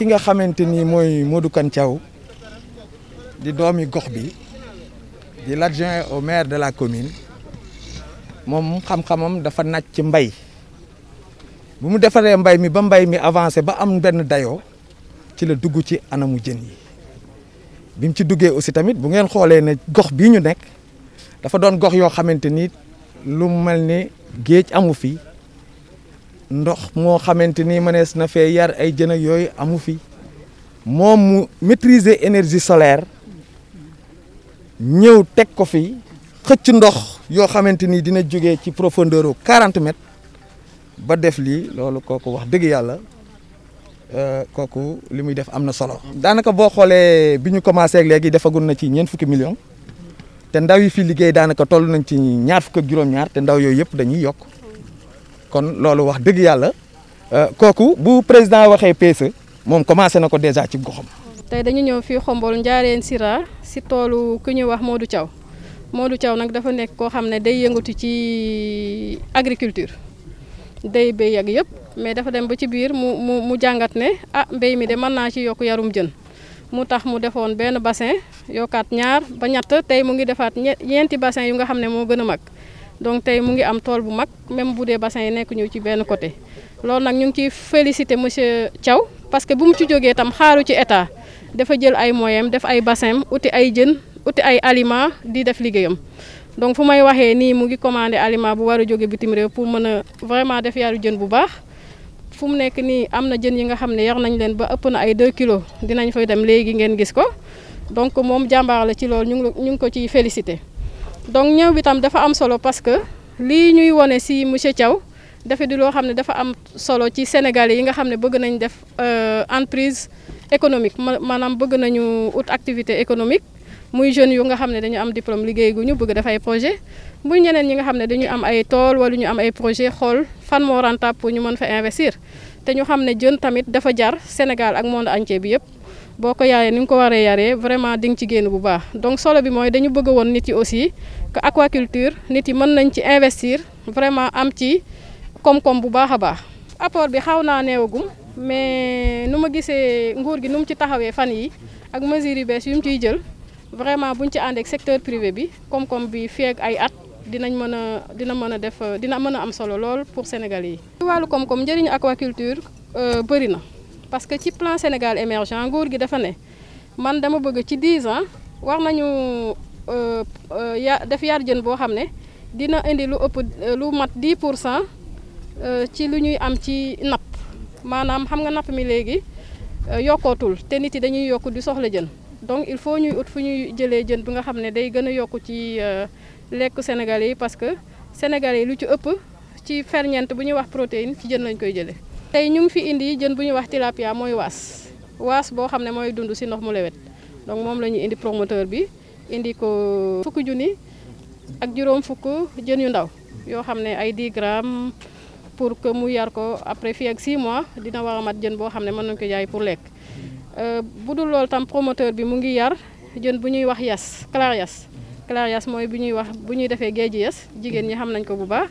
ki nga xamanteni moy Modou di doomi gox di l'adjoint au maire de la commune mom xam-xamam dafa nacc ci mbay bu mu mbay mi ba mbay mi avancé ba am ben dayo ci la dugg ci anamu jeen yi ci duggé aussi tamit bu ngeen xolé né gox ñu dafa lu ndox moo xamante ni mënees na fee yar ay jën ak yooyu amu fi moom mu maîtriser énergie solaire ñëw teg ko fi xëcc ndox yoo xamante ni dina jóge ci profondeur u 40 ba def lii loolu kooku wax dëgg yàlla euh, kooku li muy def am na solo. daanaka boo xoolee bi ñu commencé ak léegi defagul na ci ñeent fukki millions te ndaw yi fi liggéey daanaka toll nañ ci ñaar fukk ak juróom-ñaar te ndaw yooyu yëpp dañuy yokk. kon loolu wax dëgg yàlla euh, kooku bu président waxee PSE moom commencé na ko déjà ci goxam. tey dañu ñëw fii Xombol Ndiarène Sira si toolu ku ñuy wax Modou Thiaw Modou Thiaw nag dafa nekk koo xam day yëngatu ci agriculture day béy ak yëpp mais dafa dem ba ci biir mu mu mu jàngat ah mbéy mi de mën naa ci yokk yarum jën mu tax mu defoon benn bassin yokkaat ñaar ba ñett tey mu ngi defaat bassin yu nga mag. donc tay mu ngi am tool bu mag même bu dee bassin yi nekk ñu ci benn côté loolu nag ñu ngi ciy féliciter monsieur Thiaw parce que bu mu ci jógee tam xaaru ci état dafa jël ay moyens def ay bassin uti ay jën uti ay aliments di def liggéeyam donc fu may waxee nii mu ngi commandé aliment bu war a jóge bitim réew pour mën a vraiment def yaru jën bu baax fu mu nekk nii am na jën yi nga xam ne yar nañ leen ba ëpp na ay 2 kilos dinañ fay dem léegi ngeen gis ko donc moom jàmbaar la ci loolu ñu ngi ñu ngi ko ciy féliciter donc ñëw bi tam dafa am solo parce que lii ñuy wone si monsieur Thiaw dafa di loo xam ne dafa am solo ci Sénégal yi nga xam ne bëgg nañ def euh, entreprise économique maanaam bëgg nañu ut activité économique muy jeunes yu nga xam ne dañu am diplôme liggéey gu ñu bëgg dafay projet bu ñeneen ñi nga xam ne dañu am ay tool wala ñu am ay projet xool fan moo rentable pour ñu mën fa investir te ñu xam ne jën tamit dafa jar Sénégal ak monde entier bi yëpp boo ko yaayee ni nga ko waree yaree vraiment di nga ci génn bu baax donc solo bi mooy dañu bëgg woon nit yi aussi aquaculture nit yi mën nañ ci investir vraiment am ci koom-koom bu baax a baax apport bi xaw naa neewagum mais nu ma gisee nguur gi nu mu ci taxawee fan yi ak mesures yu bees yu mu ciy jël vraiment buñ ci ànd ak secteur privé bi koom-koom bi feeg ay at dinañ mën a dina mën a def dina mën a am solo lool pour sénégal yi. ci wàllu koom-koom njëriñu aquaculture euh, bëri na parce que ci plan Sénégal émergent nguur gi dafa ne man dama bëgg ci 10 ans war nañu. Euh, ya def yar jeun bo xamne ne dina indi lu upp euh, lu mat 10 pour euh, ci lu ñuy am ci nap manam xam nga nap mi legi yokotul te nit yi dañuy yok di soxla jeun donc il faut ñuy ut fu ñuy jëlé jeun bi nga xamne ne day gëna yok ci lek sénégalais yi parce que sénégalais yi lu ci upp ci ferñeent bu ñuy wax protéine ci jeun lañ koy jëlé tay ñum fi indi jeun bu ñuy wax tilapia moy Was was bo xamne ne dundu ci nox mu lewet donc mom lañuy indi promoteur bi indi ko fukki Juni, ak Fuku, fukk jën yu ndaw yoo xam ne ay 10 grammes pour que mu yar ko après fii ak 6 mois dina war a mat jën boo xam ne mën nañ ko jaay pour lekk euh, bu dul loolu tam promoteur bi mu ngi yar jën bu ñuy wax yas clair yas clair yas mooy bu ñuy wax bu ñuy defee géej yas jigéen ñi xam nañ ko bu baax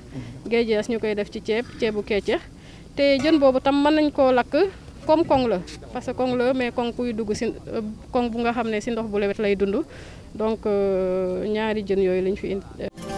géej yas ñu def ci ceeb ceebu keccex te jën boobu tam mën nañ koo lakk comme kong la parce que kong la mais kong kuy dugg si kong bu nga xam ne si ndox bu lewet lay dund donc euh, ñaari jën yooyu lañ fi indi.